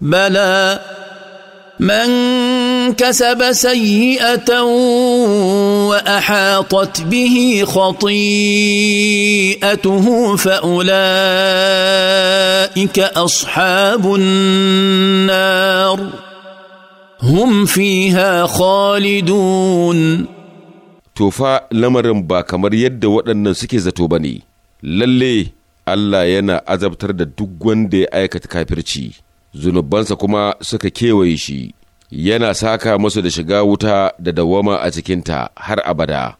بلى من كسب سيئه واحاطت به خطيئته فاولئك اصحاب النار هم فيها خالدون توفى لمرن با kamar yadda waɗannan suke zato bane lalle Allah yana azabtar da duk wanda ya aikata kafirci zunubansa kuma suka kewaye shi, yana saka musu da shiga wuta da dawama a cikinta har abada.